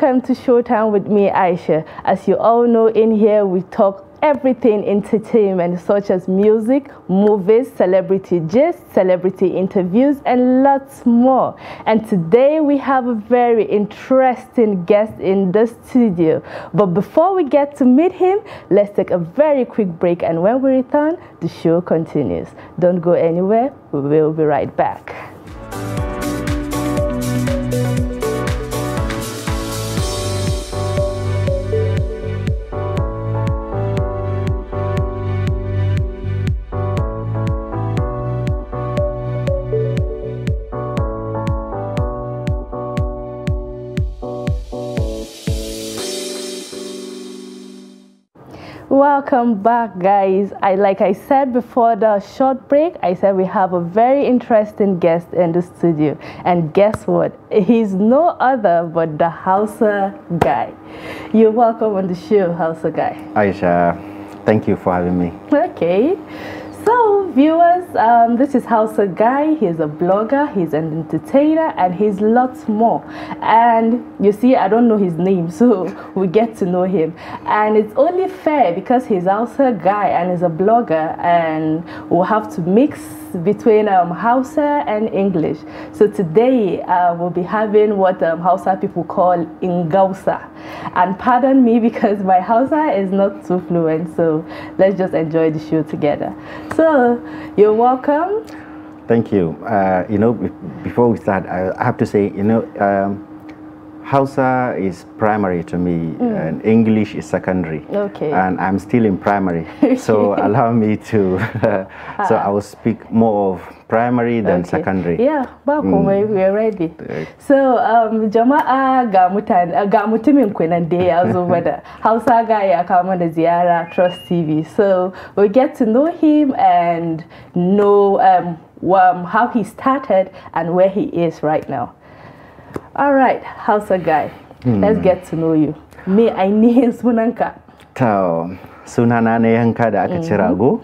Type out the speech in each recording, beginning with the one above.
welcome to Showtime with me, Aisha. As you all know, in here we talk everything entertainment such as music, movies, celebrity gists, celebrity interviews and lots more. And today we have a very interesting guest in the studio. But before we get to meet him, let's take a very quick break and when we return, the show continues. Don't go anywhere, we will be right back. welcome back guys i like i said before the short break i said we have a very interesting guest in the studio and guess what he's no other but the hausa guy you're welcome on the show hausa guy aisha thank you for having me okay so, viewers, um, this is Hausa Guy. He's a blogger, he's an entertainer, and he's lots more. And you see, I don't know his name, so we get to know him. And it's only fair because he's Hausa Guy and he's a blogger, and we'll have to mix between um, Hausa and English. So today uh, we'll be having what um, Hausa people call Ingausa. And pardon me because my Hausa is not too fluent, so let's just enjoy the show together. So so, you're welcome. Thank you. Uh, you know, before we start, I have to say, you know, um, Hausa is primary to me mm. and English is secondary. Okay. And I'm still in primary. so allow me to, uh, so ah. I will speak more of primary than okay. secondary. Yeah, ba mm. we are ready. Eh. So um, jama'a ga mutane ga mutumin ku nan ya zo mana. Hausa ga ya kawo ziyara Trust TV. So we get to know him and know um, um, how he started and where he is right now. all right hausa guy mm. let's hmm. get to know you me ainihin sunanka Tao, sunana na yanka da aka ci mm-hmm. rago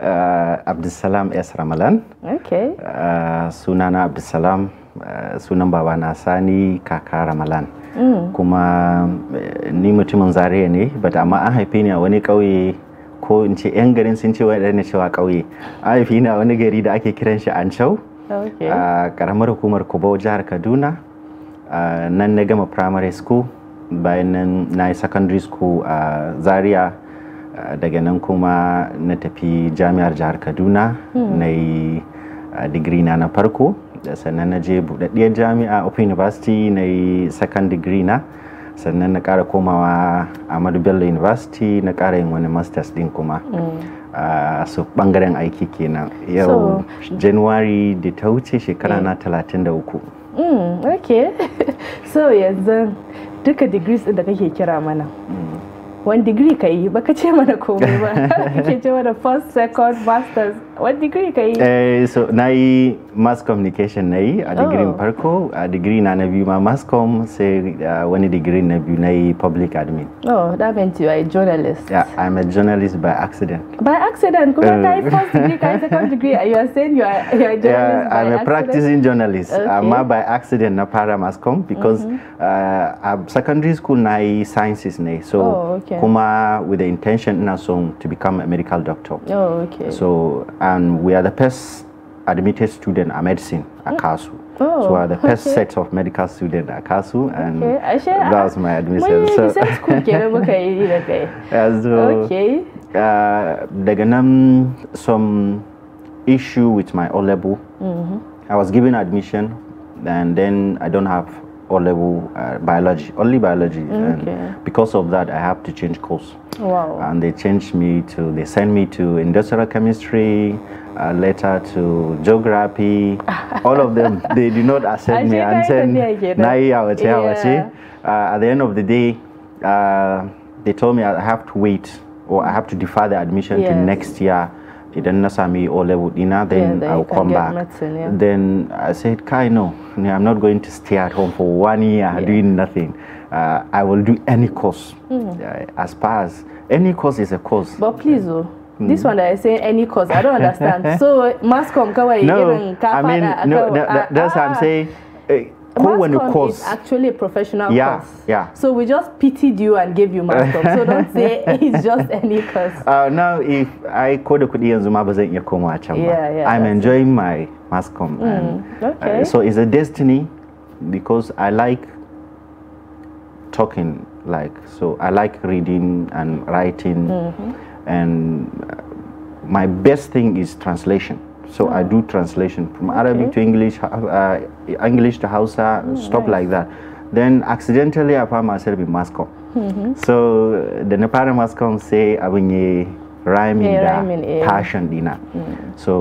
uh, abdulsalam s ramalan okay. uh, sunana abdulsalam uh, sunan babana sani kaka ramalan mm. kuma eh, ni mutumin zaria ne but amma an haife ni a wani ƙauye ko in ce 'yan garin sun ce waɗanda cewa ƙauye an haife ni a wani gari da ake kiran shi ancau a okay. uh, ƙaramar hukumar kubo jihar kaduna nan na gama primary school bayan nan na yi secondary school a zaria daga nan kuma na tafi jami'ar jihar kaduna hmm. na yi digiri na na farko sannan na je buɗaɗɗiyar jami'a open university na yi second degree na sannan na ƙara komawa amadu bello university na ƙara yin wani masters din kuma hmm. a su bangaren aiki kenan yau january da ta wuce shekara na 33 hmm. mm, okay. so yanzu duka degrees da kake kira mana mm. wani degree ka yi baka ce mana komai ba kake ce mana first second masters What degree ka yi? Eh, so na mass communication ah, oh. ah, na degree a in Parco, a digiri na na ma mass com sai ah, wani digiri na I na public admin. Oh, that meant you are a journalist. Yeah, I'm a journalist by accident. By accident? Kuma I eh. first degree I second degree, you are saying you are, you are a journalist yeah, by I'm a accident? practicing journalist, okay. amma by accident na para mass com because mm -hmm. uh, secondary school na sciences ne, so oh, okay. kuma with the intention na song to become a medical doctor. Oh, okay. So, uh, and we are the first admitted student at medicine at mm. Kassu, Oh, so we are the first okay. set of medical students at Kassu, and okay. that was my admission. so, yeah, so okay. uh, there um, some issue with my O level. Mm -hmm. I was given admission, and then I don't have O level uh, biology, only biology. Okay. And because of that, I have to change course. Wow. And they changed me to, they sent me to industrial chemistry, uh, later to geography. All of them, they did not accept me. And then, yeah. uh, at the end of the day, uh, they told me I have to wait or I have to defer the admission yes. to next year idan na sami o level dina then yeah, i'll come back medicine, yeah. then i said kai no i'm not going to stay at home for one year yeah. doing nothing uh, i will do any course mm. uh, as far as any course is a course but please oh, this hmm. one that i say any cause, i don't understand so mass come away, no, i mean no, that, that's ah. what i'm ah, ah, ah. saying uh, Cowen course is actually a professional yeah, course. Yeah. So we just pitied you and gave you mascom. so don't say it's just any course. Uh, now, if I call the yanzuma Zuma, zan iya komawa Yeah, yeah. I'm enjoying it. my mascom. Mm, and, uh, okay. Uh, so it's a destiny because I like talking like so I like reading and writing mm -hmm. and uh, my best thing is translation. So I do translation from Arabic to English, uh, English to Hausa, hmm, stuff nice. like that. Then accidentally I found myself in Moscow. Mm -hmm. So the Nepal Moscow say I abunye rhyming yeah, da passion dinner. Ah. Mm. So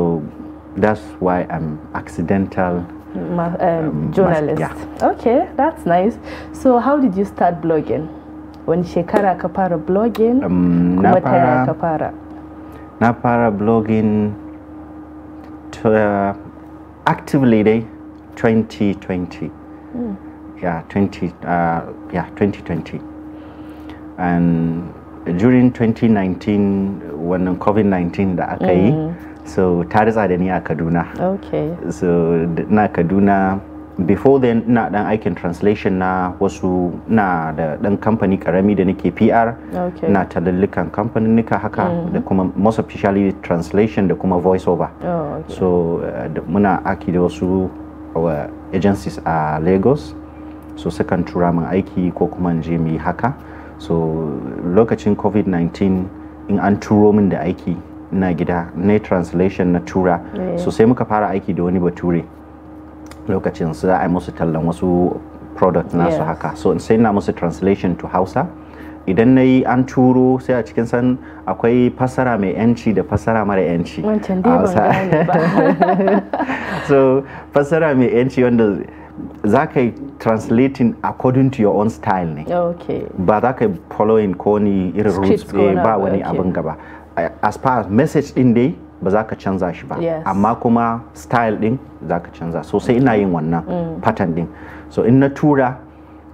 that's why I'm accidental Ma um, um, journalist. Yeah. Okay, that's nice. So how did you start blogging? When shekara kapara blogging? Um, na blogging uh, actively day 2020 mm. yeah 20 uh, yeah 2020 and during 2019 when covid-19 da aka yi hmm. so ta da ni a kaduna okay so na kaduna before then ina dan aikin translation na wasu na da dan company karami da nake PR okay. na company nika haka mm -hmm. da kuma most officially translation da kuma voiceover oh, so eh, muna aki da wasu agencies a Lagos so second tura min aiki ko kuma in je haka so lokacin covid-19 in an turo min da aiki na gida na translation na tura yeah. so sai muka fara aiki da wani bature lokacin su za a musu tallan wasu product nasu haka so in sai na musu translation to hausa idan na yi an turo sai a cikin san akwai fasara mai yanci da fasara mara yanci so fasara mai yanci wanda za ka yi translating according to your own style ne ba za ka yi following ko ni irin roots eh, ba wani abin gaba as far as message din dai ba za ka canza shi ba amma kuma style din za ka canza sosai ina yin wannan mm. pattern din so in na tura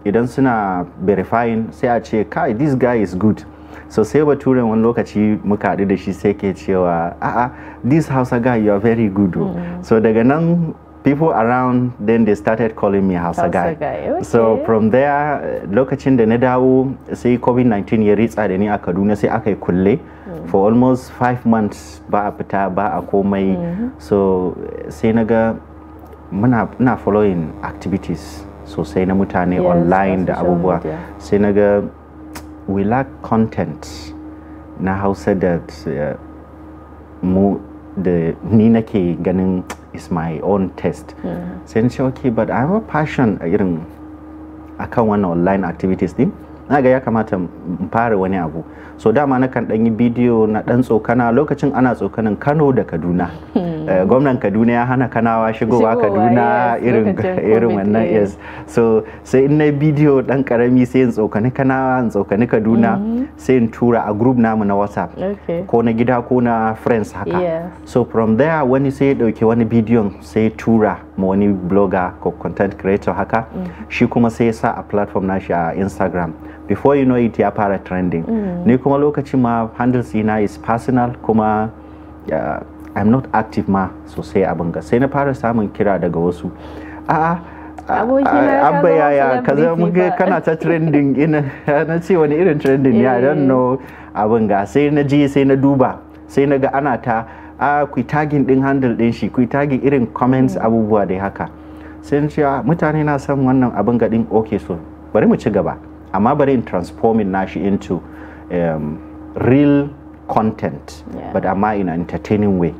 idan suna verifying sai a ce kai this guy is good so sai ba tura wani lokaci muka haɗu da shi sai ke cewa a'a this hausa guy you are very good mm. so daga nan people around then they started calling me Hausa guy. Okay. So from there lokacin da na dawo sai COVID-19 ya ritsa da ni a Kaduna sai aka yi kulle mm. for almost five months ba a fita ba a komai. Mm-hmm. So sai na ga muna following activities sosai na mutane yes, online da abubuwa. Sai na ga we lack content na Hausa that uh, mu da ni nake ganin is my own test sai ni ce okay but i have a passion irin akan wannan online activities din na ga ya kamata in fara wani abu so dama na kan ɗanyi bidiyo na dan tsokana lokacin ana tsokanin kano da kaduna hmm. eh, gwamnan kaduna ya hana kanawa shigowa kaduna irin wannan yes so sai in na bidiyo dan karami sai in tsokani kanawa in tsokani kaduna mm-hmm. sai in tura a group namu na whatsapp ko na gida ko na friends haka so from there wani sai ya ɗauki wani bidiyon sai tura ma wani blogger ko content creator haka mm. shi kuma sai ya sa a platform nashi a instagram before you know it ya fara trending mm. ni kuma lokacin ma handles ina is personal kuma i'm not active ma sosai abin ga sai na fara samun kira daga wasu a'a abba yaya ka zama kana ta trending ina na ce wani irin trending ya don eh. know. abin ga sai na ji sai na duba sai na ga ana ta a kui tagin din handle din shi kui tagin irin comments mm. abubuwa dai haka sai na ce ah, mutane na son wannan abin ga din okay so bari mu ci gaba amma bari in transforming nashi into um, real content yeah. but amma in an entertaining way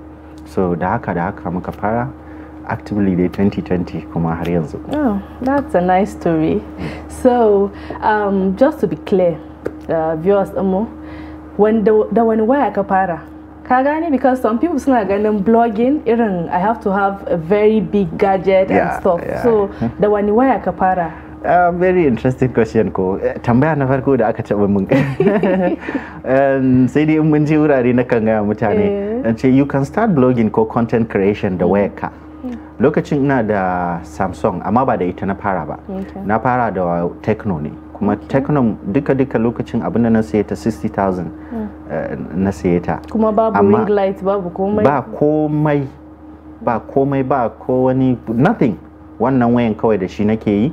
so da haka da haka muka fara actively day 2020 kuma har yanzu oh that's a nice story so um, just to be clear uh, viewers mu da wani waya aka fara ka gane because some people suna ganin blogging irin i have to have a very big gadget yeah, and stuff yeah. so da wani waya ka fara Uh, very interesting question ko eh, tambaya na farko da aka taɓa mun um, sai dai mun je wurare na kan gaya mutane dan eh. ce you can start blogging ko content creation da mm. waya ka. Mm. lokacin ina da samsung amma ba da ita na fara ba na fara da techno ne kuma techno duka-duka lokacin abin da na saye ta 60,000 mm. eh, na saye ta kuma babu ring light babu komai ba komai ba komai ba ko wani nothing wannan wayan kawai da shi nake yi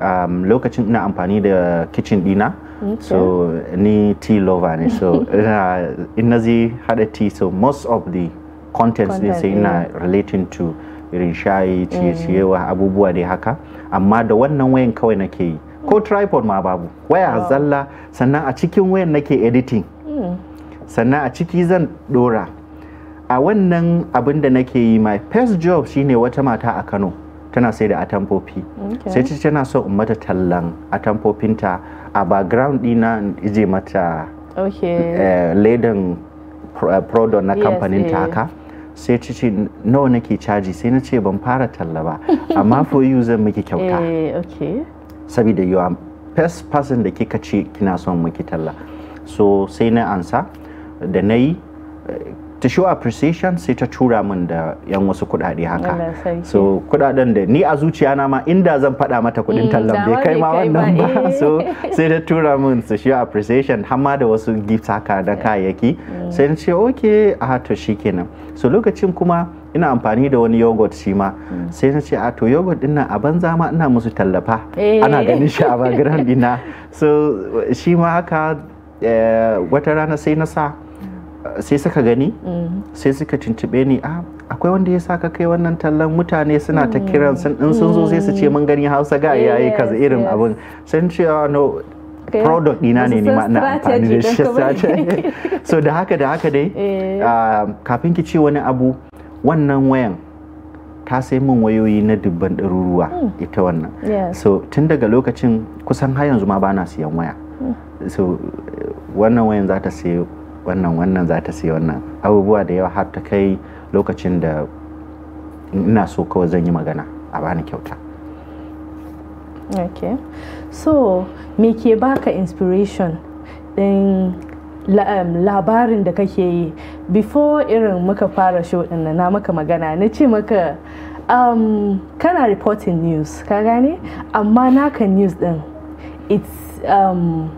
um, lokacin ina amfani da kitchen dina okay. so ni tea lover ne so in zai hada tea so most of the contents din sai ina relating to irin shayi ciye-ciye wa abubuwa dai haka amma da wannan wayan kawai nake yi ko mm. tripod ma babu waya zalla sannan a cikin wayan nake editing mm. sannan a ciki zan dora a wannan abin da nake yi my first job shine wata mata a kano tana sai da atamfofi sai ta tana so in mata tallan atamfofinta a background dina in ije mata eh, ledan eh, product na kamfanin ta eh. haka sai ta ce nawa nake caji sai na ce ban fara talla ba amma for you zan miki kyauta saboda you are first person da kika ce kina son miki talla so sai na ansa da na yi to show appreciation sai ta tura min da yan wasu kuɗaɗe haka so kuɗaɗen da ni a zuciya na ma inda zan faɗa mata kuɗin mm, tallan bai kai ma wannan ba so sai ta tura min to show appreciation har ma da wasu gifts haka da kayayyaki mm. sai na ce okay a to shikenan so lokacin kuma ina amfani da wani yogurt shi ma mm. sai na ce a ah, to yogurt din a banza ma ina musu tallafa eh. ana ganin shi a background dina so shi ma haka eh, wata rana sai na sa sai suka gani mm. sai suka cincibe ni a ah, akwai wanda ya saka kai wannan tallan mutane suna ta mm. kiran sun din sun zo sai su ce mun gani hausa ga yayi kaza irin abin sun ce ah, no product dina ne ni ma ina amfani da shi so da haka da haka dai eh. ah, kafin ki ce wani abu wannan wayan ta sai min wayoyi na dubban ɗaruruwa hmm. ita wannan so tun daga lokacin kusan har yanzu ma bana siyan waya hmm. so eh, wannan wayan za ta sai wannan wannan za ta sai wannan abubuwa da yawa har ta kai lokacin da ina so kawai zan yi magana a bani kyauta ok so me ke baka inspiration din um, labarin da kake yi before irin muka fara show din na maka magana na ce maka um, kana reporting news ka gane amma naka news din it's um,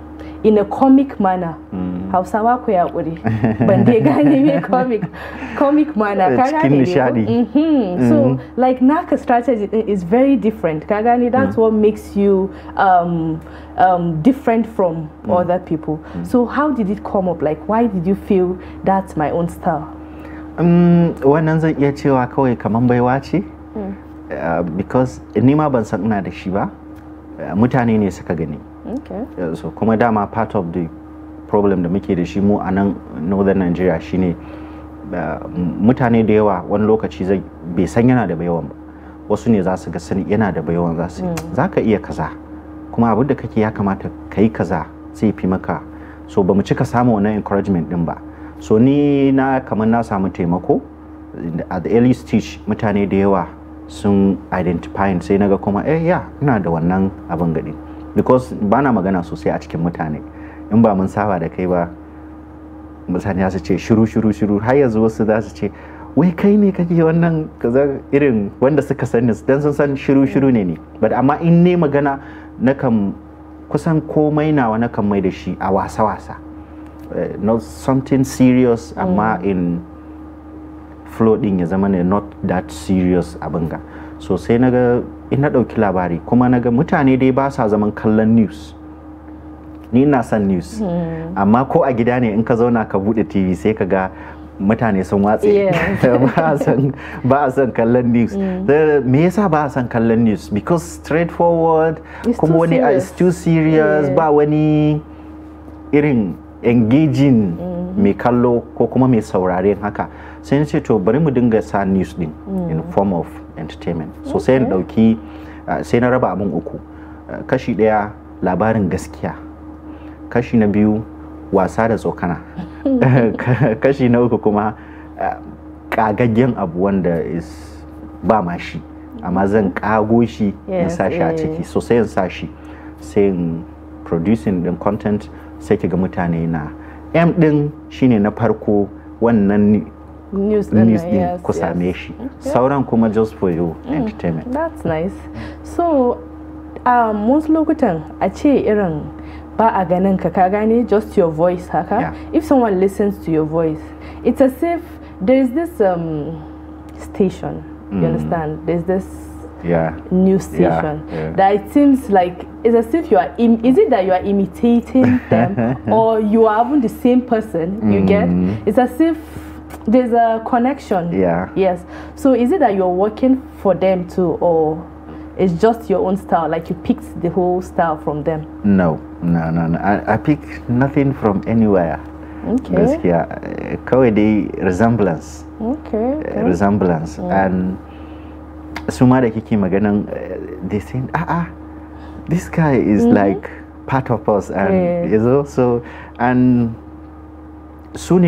in a comic manner mm. Mm. hausawa ku ya ƙuri ban dai gane mai comic comic mana ka gane ne mm-hmm. so mm-hmm. like naka strategy din is very different ka gane mm. that's what makes you um, um, different from mm. other people so how did it come up like why did you feel that's my own style um, wannan zan iya cewa kawai kamar baiwa ce uh, because nima ban san ina da shi ba uh, mutane ne suka gani uh, so kuma dama part of the problem da muke da shi mu a nan northern nigeria shine mutane da yawa wani lokaci zai bai san yana da baiwan ba wasu ne za su ga sani yana da baiwan za su mm. za ka iya kaza kuma abin da kake ya kamata ka yi kaza sai fi maka so ba mu cika samu wannan encouragement din ba so ni na kamar na samu taimako at the early stage mutane da yawa sun identify sai na ga kuma eh ya ina da wannan abin gadi because ba na magana sosai a cikin mutane in ba mun saba da kai ba mutane su ce shiru shiru shiru har yanzu wasu za su ce wai kai ne kake wannan kaza irin wanda suka sani dan sun san shiru shiru ne ne but amma in ne magana na kan kusan komai nawa na kan mai da shi a wasa wasa eh, not something serious amma mm. in flow din ya zama ne not that serious abin ga sosai sai na ga in na ɗauki labari kuma na ga mutane dai ba sa zaman kallon news ni ina son news hmm. amma ko a gida ne in ka zauna ka bude tv sai ka ga mutane sun watse ba a son kallon news hmm. me yasa ba a son kallon news because straightforward kuma wani uh, is too serious ba wani irin engaging mm-hmm. mai kallo ko kuma mai saurare haka sai ce to bari mu dinga sa news din hmm. in form of entertainment so sai na dauki uh, sai na raba abin uku uh, kashi daya labarin gaskiya kashi na biyu wasa da tsokana kashi na uku kuma kagaggen eh, abu wanda is ba ma shi amma zan kago shi in sa a eh. ciki so sai in sa shi sai in producing din content sai kiga mutane na m din shine na farko wannan news din yes, ku same shi sauran kuma just for you mm. entertainment that's nice so um, lokutan a ce irin ba a ganin just your voice haka yeah. if someone listens to your voice it's as if there is this um, station mm. you understand there's this yeah. station yeah, yeah. that it seems like it's as if you are Im- is it that you are imitating them or you are having the same person mm. you get mm. it's as if there's a connection yeah yes so is it that you're working for them too or it's just your own style like you picked the whole style from them no no no, no. I, I pick nothing from anywhere okay here, kawai dai resemblance okay, eh, okay. resemblance mm. and su ma da kike maganan eh, they say ah ah this guy is mm -hmm. like part of us and yeah. you know so and su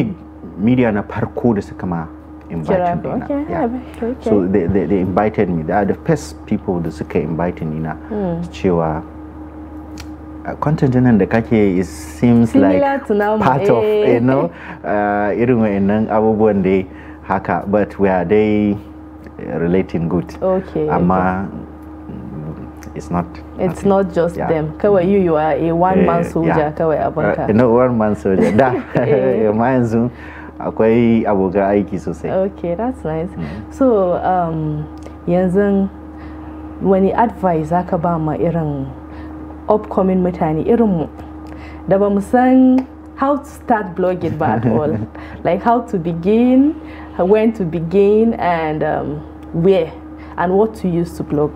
media na farko da suka ma inviting dina okay, yeah. okay. so they, they, they invited me they are the first people da suka invite ni na hmm. cewa uh, content nan da kake is seems Similar like part eh. of you know uh, irin wayannan abubuwan da haka but we are dey uh, relating good okay amma okay. Mm, it's not it's nothing. not just yeah. them kawai you you are a one man eh, soldier yeah. kawai abinka uh, no one man soldier da eh. amma yanzu akwai abokan aiki sosai ok that's nice mm. so um, yanzu wani advice ka ba ma irin upcoming mutane irin mu da ba mu san how to start blogging ba at all like how to begin when to begin and um, where and what to use to blog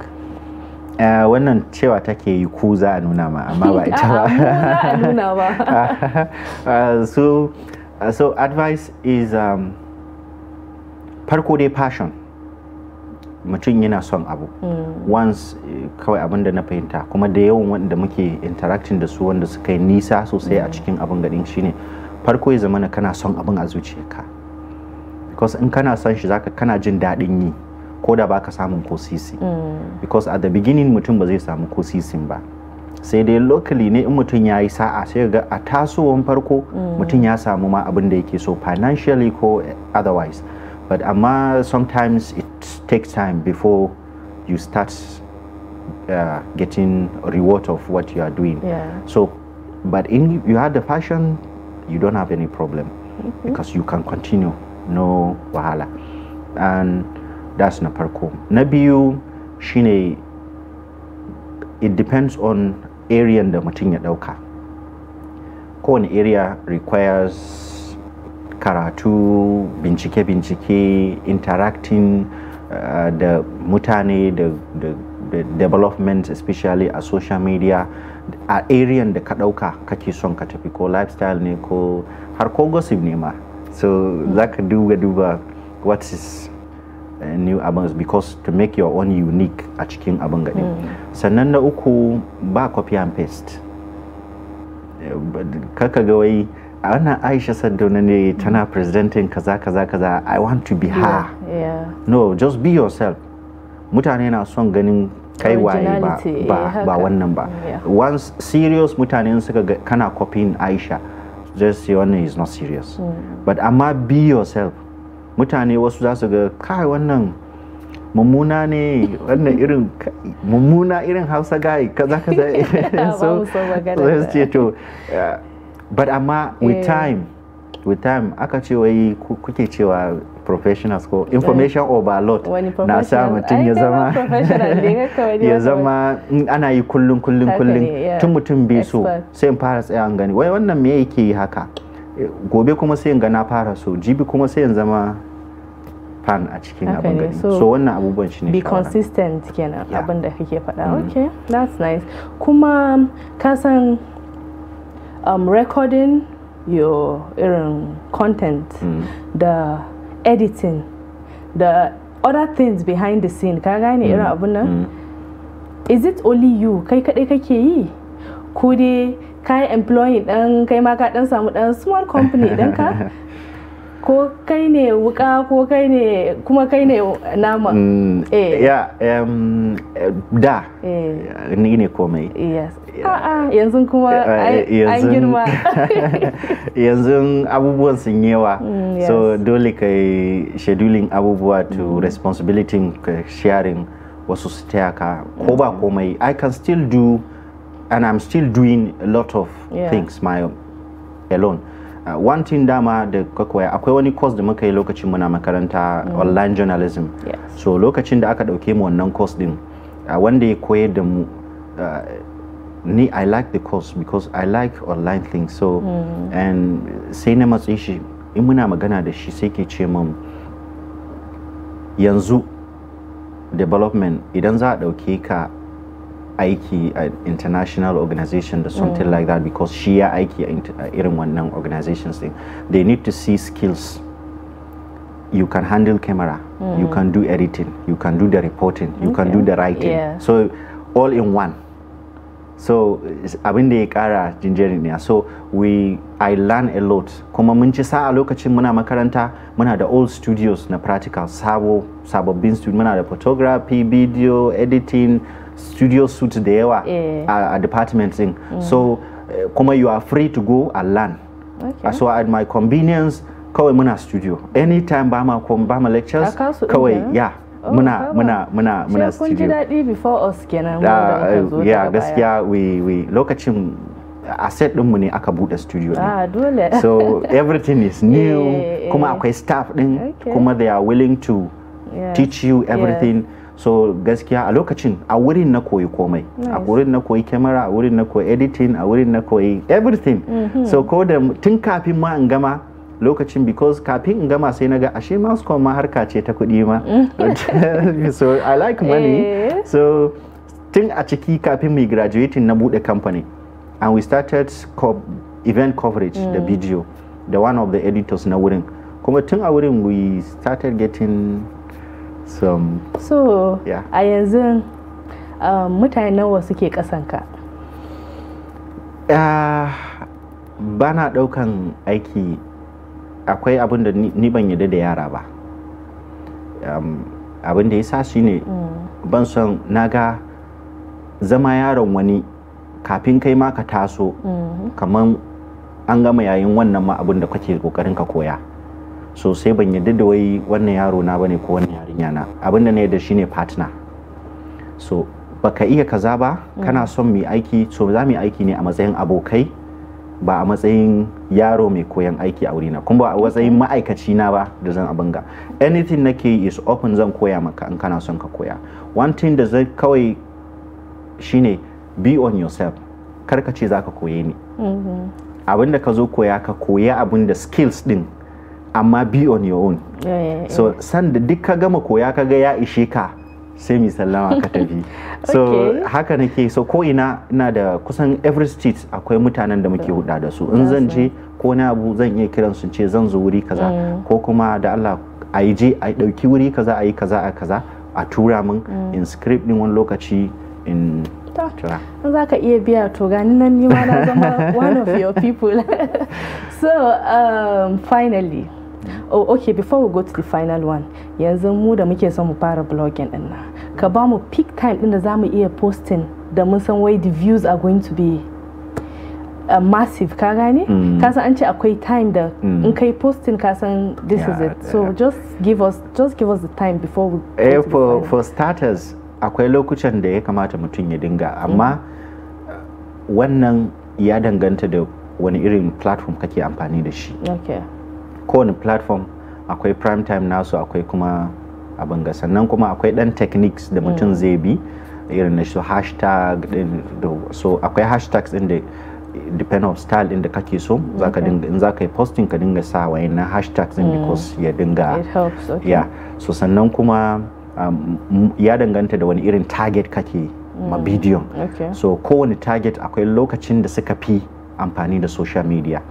Uh, wannan cewa take yi ku za a nuna ma amma ba ita ba. za a nuna ba. So ah, uh, so advice is um, farko dai passion mutum yana son abu mm. once eh, kawai abin da na fahimta kuma da yawan wanda muke interacting da su wanda suka yi nisa sosai a hmm. cikin abin gadin shine farko ya zamana kana son abun a zuciyarka because in kana son shi zaka kana jin daɗin yi ko da baka samun ko sisi mm. because at the beginning mutum ba zai samu ko sisin ba sai dai locally ne in mutum ya yi sa'a sai ga a tasowan farko mm. mutum ya samu ma abin da yake so financially ko otherwise but amma sometimes it takes time before you start uh, getting reward of what you are doing so but in you had the passion you don't have any problem mm -hmm. because you can continue no wahala and that's na farko na biyu shine it depends on area da mutum ya ɗauka kowane area requires karatu bincike-bincike interacting uh, da mutane da, development especially a social media a area da ka ɗauka kake son ka tafi ko lifestyle ne ko har ko gossip ne ma so za ka duba duba what is Eh, new abin because to make your own unique a cikin abin gani. Hmm. sannan na uku ba copy and paste eh, kaka ga wai ana aisha na ne tana presenting kaza kaza kaza i want to be her yeah, no just be yourself mutane na son ganin kai waye ba ba, eh, ba wannan ba hmm, once serious mutane suka kana copying aisha just say one is not serious mm. but amma be yourself mutane wasu za su ga kai wannan mummuna ne wannan irin mummuna irin hausa guy kaza kaza so sai ce to but amma with eh. time with time aka ce wai kuke cewa professionals ko information eh. overload na sa mutum ya zama ya zama ana yi kullum kullum kullum tun mutum bai so sai in fara tsaya an gani wai wannan me yake yi haka gobe kuma sai ga na fara so jibi kuma sai in zama fan a cikin abin gari so wannan abubuwan shi ne be consistent kenan abin da kake faɗa mm-hmm. okay that's nice kuma ka san um, recording your irin content mm. da editing da other things behind the scene ka gane irin mm. abin nan mm. is it only you kai kaɗai kake yi ko dai kayan employee dan kai ma ka dan samu dan small company ka ko kai ne wuka ko kai ne kuma kai ne nama mm, eh. ya da eh. ni ne komai yes. yanzu kuma eh, eh, an girma yanzu abubuwan sun yawa mm, so dole kai scheduling abubuwa to mm. responsibility sharing wasu su taya ka ko ba komai i can still do and I'm still doing a lot of yeah. things my alone. Uh, one thing dama da kakwai akwai wani course da muka yi lokacin muna makaranta mm. online journalism. Yes. So lokacin da aka dauke mu wannan course din uh, wanda ya koyar da mu uh, ni I like the course because I like online things so mm. and sai na matsayi shi in muna magana da shi sai ke ce mun yanzu development idan za a ɗauke ka aiki a international organization or something mm. like that because shi ya aiki a irin wannan organizations din they need to see skills you can handle camera mm. you can do editing you can do the reporting you okay. can do the writing yeah. so all in one so abin da ya kara jinjirin ne so we i learn a lot kuma mun ci sa'a lokacin muna makaranta muna da old studios na practical sabo sababbin studio muna da photography video editing studio suit da yawa a uh, uh, department din so uh, kuma you are free to go and learn okay. so at my convenience kawai muna studio anytime ba ma ba ma lectures kawai ya oh, muna muna muna muna studio kun ji daɗi before us kenan ya gaskiya we we lokacin asset mu ne aka bude studio ah, dole. so everything is new kuma akwai staff din kuma they are willing to teach you everything yeah. so gaskiya a lokacin a wurin na koyi komai a wurin na koyi kamera a wurin na koyi editing a wurin na koyi everything mm -hmm. so ko da tun kafin ma in gama lokacin because kafin in gama sai naga ashe mascom ma harka ce ta kuɗi ma mm-hmm. so i like money eh. so tun a ciki kafin mai graduating na buɗe company and we started co event coverage da mm. the video da one of the editors na wurin kuma tun a wurin we started getting some so yeah. a yanzu uh, mutane nawa suke kasanka uh, ah, ba na daukan aiki akwai abin da ni ban yadda da yara ba um, abin da ya sa shi ne mm. ban son ga zama yaron wani kafin kai ma ka taso mm -hmm. kamar an gama yayin wannan ma abin da kake kokarin ka koya so sai ban yadda da wai wannan yaro na bane ko wannan yarinya na abin abinda na yadda shine partner so baka iya kaza ba kana mm. son mu aiki so za mu aiki ne a matsayin abokai ba a matsayin yaro mai koyan aiki a wurina kuma ba a matsayin ma'aikaci na ba da zan abin ga anything nake yi is open zan koya maka in kana son ka koya one thing da zai kawai shine be on yourself kar ka ce za ka koye ni mm-hmm. abin da ka zo koya ka koya abin da skills din amma be on your own yeah, yeah, so sanda duk ka gama koya ka ga ya ishe ka sai mi sallama ka tafi so okay. haka nake so ko ina ina da kusan every state akwai mutanen da muke huda da su in zan je ko na abu zan iya kiran su ce zan zo wuri kaza mm. ko kuma da Allah a yi je a dauki wuri kaza a yi kaza a kaza a tura min mm. in script din wani lokaci in tura in za ka iya biya to gani nan ni ma na zama one of your people so um, finally oh okay before we go to the final one yanzu mu da muke son mu fara blogging din nan ka ba mu peak time din da za mu iya posting da mun san wai the views are going to be uh, massive ka gane mm. ka san an ce akwai time da mm. in kai posting ka san this yeah, is it so yeah. just give us just give us the time before we eh, for, for starters akwai lokutan da ya kamata mutum ya dinga amma mm. wannan ya danganta da wani irin platform kake amfani da shi okay. kowane platform akwai prime time nasu akwai kuma abin ga sannan kuma akwai dan techniques da mutum mm. zai bi irin na su hashtag din so akwai hashtags din da depend of style din da kake so zaka dinga in zaka yi posting ka dinga sa wayannan hashtags din mm. because ya dinga it helps okay. yeah so sannan kuma um, ya danganta da wani irin target kake ma mm. bidiyon so kowane target akwai lokacin da suka fi amfani da social media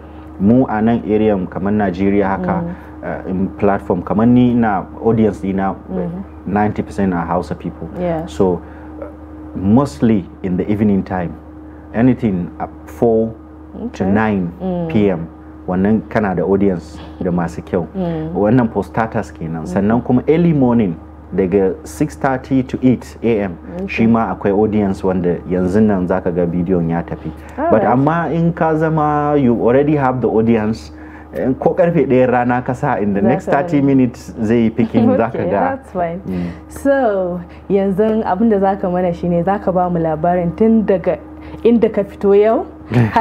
mu a nan area kamar najeriya haka mm. eh, in platform kamar ni na audience dina mm mm-hmm. 90% are hausa people so mostly in the evening time anything at 4 to 9 mm. pm wannan kana da audience da masu kyau mm. wannan post status kenan sannan kuma early morning daga 6:30 to 8 a.m. shima shi ma akwai audience wanda yanzu nan zaka ga bidiyon ya tafi but amma in ka zama you already have the audience eh, ko karfe ɗayan rana ka sa in the next 30 minutes zai yi picking za ka ga mm. so yanzu abin da za ka mana shine za ka ba mu labarin tun daga inda ka fito yau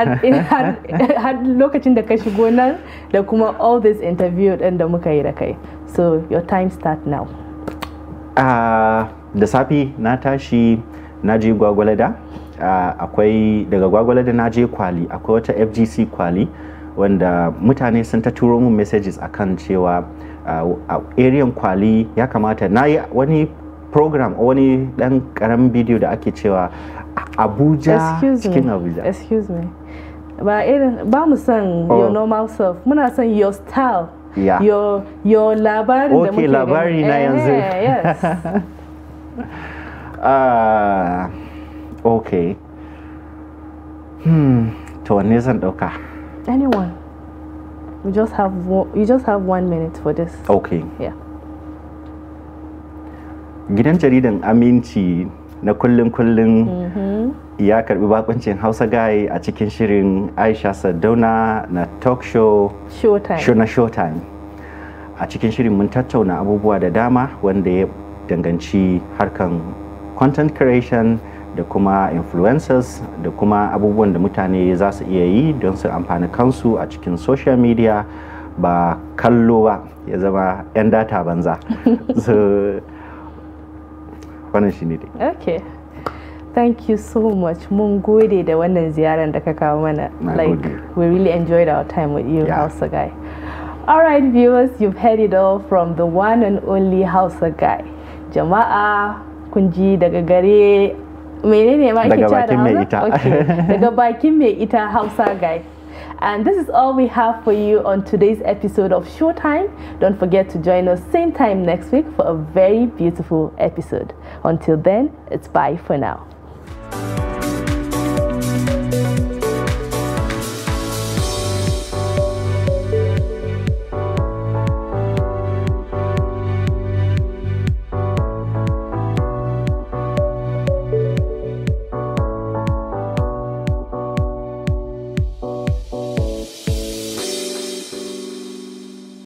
har lokacin da ka shigo nan da kuma all this interview ɗin da muka yi da kai so your time start now da safi na tashi na je gwagwalada akwai daga gwagwalada na je kwali akwai wata fgc kwali wanda mutane sun ta turo mun messages kan cewa a ariyan kwali ya kamata na yi wani program wani dan karamin bidiyo da ake cewa abuja cikin abuja excuse me ba ba mu son oh. your normal self muna son your style yeah. your your labarin okay, oh, da muke labari na eh, yanzu yes uh, ah, okay hmm to wanne zan dauka anyone we just have one, you just have one minute for this okay yeah gidan jaridan aminci na kullum kullum mm-hmm. ya karbi bakuncin hausa guy a cikin shirin aisha sadauna na talk show showtime na showtime a cikin shirin mun tattauna abubuwa da dama wanda ya danganci harkan content creation da kuma influencers da kuma abubuwan da mutane za su iya yi don su amfani kansu a cikin social media ba kallo ba ya zama 'yan data banza so wannan shi ne dai Thank you so much. Mun gode da wannan ziyarar da ka Like we really enjoyed our time with you, yeah. Hausa guy. All right, viewers, you've heard it all from the one and only Hausa guy. Jama'a kunji dagagari. daga gare menene ma ake ita. da Hausa? Daga bakin mai ita Hausa guy. And this is all we have for you on today's episode of Showtime. Don't forget to join us same time next week for a very beautiful episode. Until then, it's bye for now.